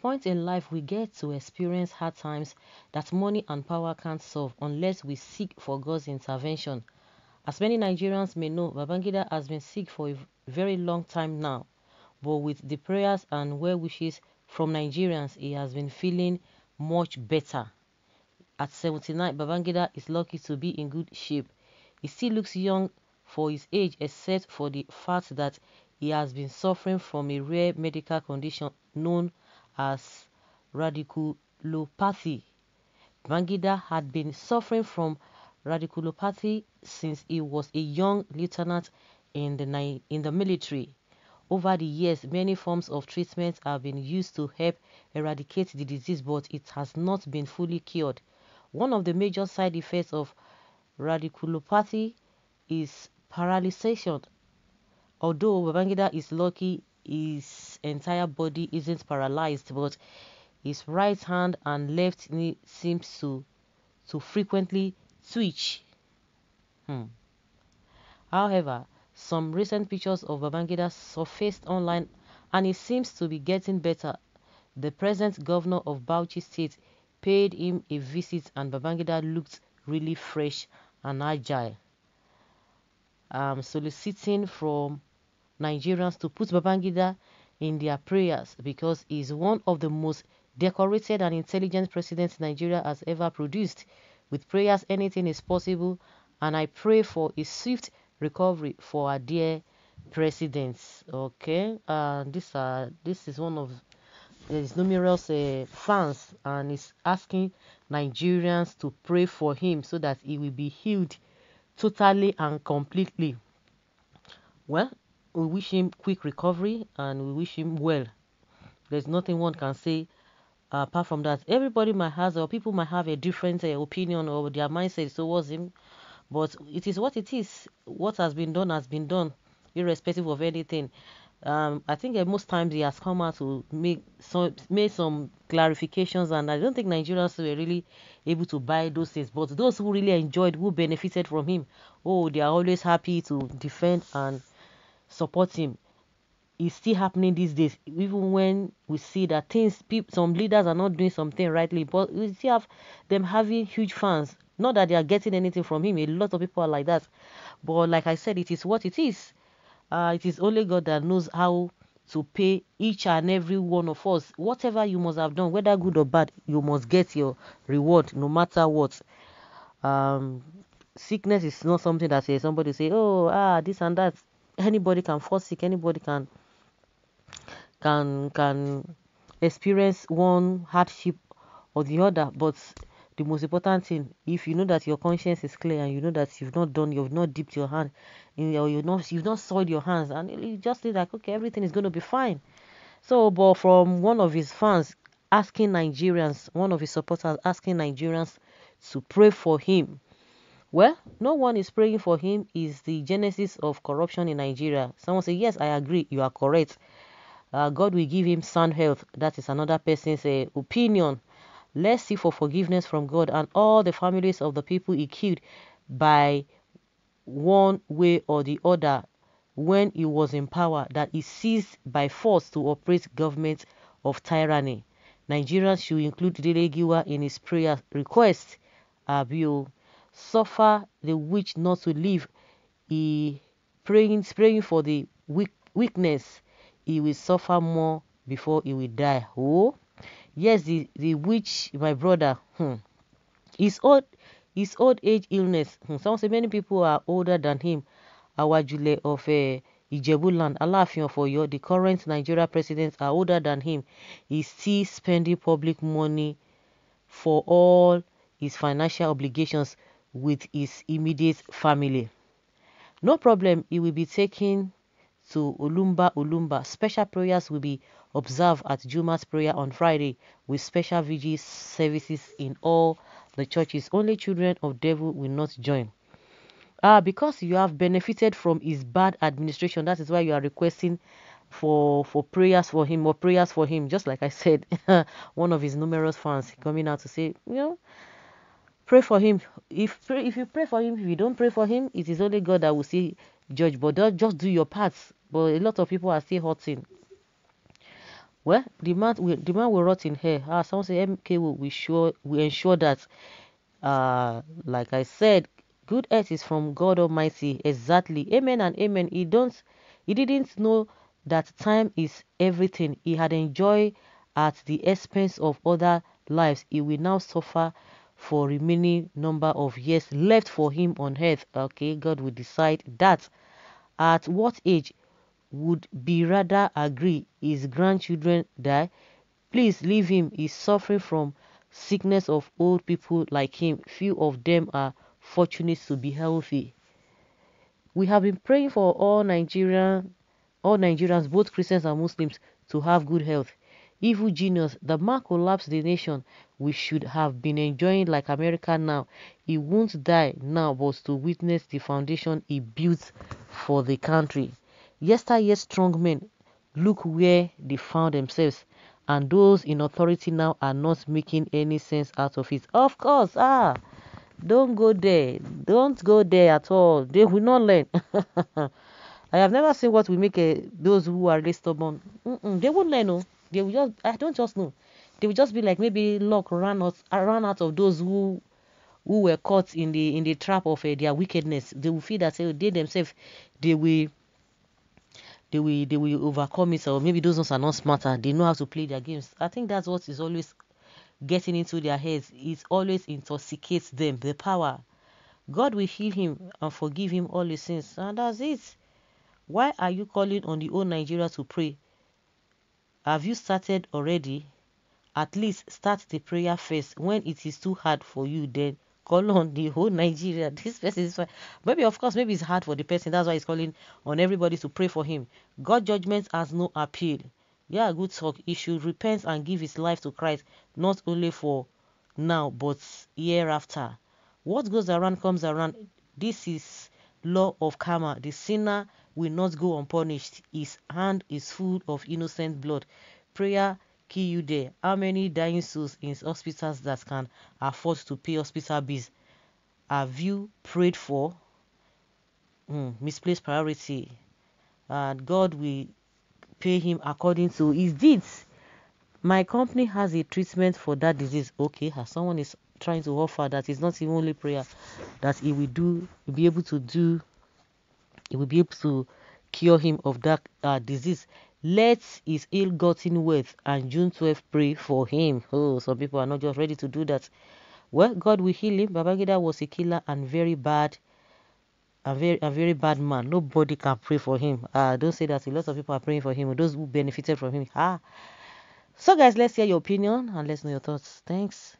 point in life we get to experience hard times that money and power can't solve unless we seek for God's intervention. As many Nigerians may know, Babangida has been sick for a very long time now, but with the prayers and well wishes from Nigerians, he has been feeling much better. At 79, Babangida is lucky to be in good shape. He still looks young for his age, except for the fact that he has been suffering from a rare medical condition known as radiculopathy. Mangida had been suffering from radiculopathy since he was a young lieutenant in the, in the military. Over the years, many forms of treatment have been used to help eradicate the disease, but it has not been fully cured. One of the major side effects of radiculopathy is paralysis. Although Babangida is lucky, is entire body isn't paralyzed, but his right hand and left knee seems to, to frequently switch. Hmm. However, some recent pictures of Babangida surfaced online and he seems to be getting better. The present governor of Bauchi State paid him a visit and Babangida looked really fresh and agile. I'm soliciting from Nigerians to put Babangida in their prayers because he is one of the most decorated and intelligent presidents Nigeria has ever produced. With prayers, anything is possible, and I pray for a swift recovery for our dear presidents. Okay, uh, this uh, this is one of his numerous uh, fans, and is asking Nigerians to pray for him so that he will be healed totally and completely. Well, we wish him quick recovery and we wish him well. There's nothing one can say uh, apart from that. Everybody might have, or people might have a different uh, opinion or their mindset towards him, but it is what it is. What has been done has been done, irrespective of anything. Um, I think uh, most times he has come out to make some made some clarifications, and I don't think Nigerians were really able to buy those things. But those who really enjoyed, who benefited from him, oh, they are always happy to defend and support him is still happening these days even when we see that things people, some leaders are not doing something rightly but we still have them having huge fans not that they are getting anything from him a lot of people are like that but like i said it is what it is uh, it is only god that knows how to pay each and every one of us whatever you must have done whether good or bad you must get your reward no matter what um, sickness is not something that say eh, somebody say oh ah this and that anybody can fall sick anybody can can can experience one hardship or the other but the most important thing if you know that your conscience is clear and you know that you've not done you've not dipped your hand in your you've not you've not soiled your hands and you just say like okay everything is going to be fine so but from one of his fans asking nigerians one of his supporters asking nigerians to pray for him well, no one is praying for him is the genesis of corruption in Nigeria. Someone say, yes, I agree, you are correct. Uh, God will give him sound health. That is another person's uh, opinion. Let's see for forgiveness from God and all the families of the people he killed by one way or the other when he was in power that he seized by force to operate government of tyranny. Nigerians should include Dele in his prayer request. Abio suffer the witch not to live. He praying, praying for the weak, weakness, he will suffer more before he will die. Oh, yes, the, the witch, my brother, hmm, his old his old age illness. Hmm, some say many people are older than him. Jule of uh, eh, Ijebuland, Alaafin for you. the current Nigeria presidents are older than him. He still spending public money for all his financial obligations with his immediate family. No problem, he will be taken to Olumba Olumba. Special prayers will be observed at Juma's prayer on Friday with special vigil services in all the churches. Only children of devil will not join. Ah, because you have benefited from his bad administration, that is why you are requesting for for prayers for him or prayers for him. Just like I said, one of his numerous fans coming out to say, you know, pray for him. If pray, if you pray for him, if you don't pray for him, it is only God that will see judge. But don't just do your part. But a lot of people are still hurting. Well, the man will the man will rot in hair. Ah, someone say MK will we sure we ensure that uh like I said, good earth is from God Almighty. Exactly. Amen and amen. He don't he didn't know that time is everything. He had enjoyed at the expense of other lives. He will now suffer for remaining number of years left for him on earth okay god will decide that at what age would be rather agree his grandchildren die please leave him he's suffering from sickness of old people like him few of them are fortunate to be healthy we have been praying for all nigerian all nigerians both christians and muslims to have good health Evil genius, the man collapsed the nation. We should have been enjoying like America now. He won't die now, but to witness the foundation he built for the country. Yesteryear strong men, look where they found themselves. And those in authority now are not making any sense out of it. Of course, ah, don't go there. Don't go there at all. They will not learn. I have never seen what we make uh, those who are really stubborn. Mm -mm, they won't learn. oh. They will just I don't just know. They will just be like maybe luck ran out ran out of those who who were caught in the in the trap of uh, their wickedness. They will feel that uh, they themselves they will they will they will overcome it or maybe those ones are not smarter they know how to play their games i think that's what is always getting into their heads it always intoxicates them the power god will heal him and forgive him all his sins and that's it why are you calling on the old nigeria to pray have you started already? At least start the prayer first. When it is too hard for you, then call on the whole Nigeria. This person is fine. Maybe, of course, maybe it's hard for the person. That's why he's calling on everybody to pray for him. God's judgment has no appeal. Yeah, good talk. He should repent and give his life to Christ, not only for now, but hereafter. What goes around comes around. This is law of karma. The sinner will not go unpunished. His hand is full of innocent blood. Prayer kill you there. How many dying souls in hospitals that can afford to pay hospital bills? Have you prayed for? Mm, misplaced priority. And God will pay him according to his deeds. My company has a treatment for that disease. Okay, as someone is trying to offer that it's not even only prayer that he will do, will be able to do he will be able to cure him of that uh, disease. Let his ill gotten wealth and June 12 pray for him. Oh, some people are not just ready to do that. Well, God will heal him. Babangida was a killer and very bad, a very a very bad man. Nobody can pray for him. Uh, don't say that. A lot of people are praying for him. Those who benefited from him. Ah. So guys, let's hear your opinion and let's know your thoughts. Thanks.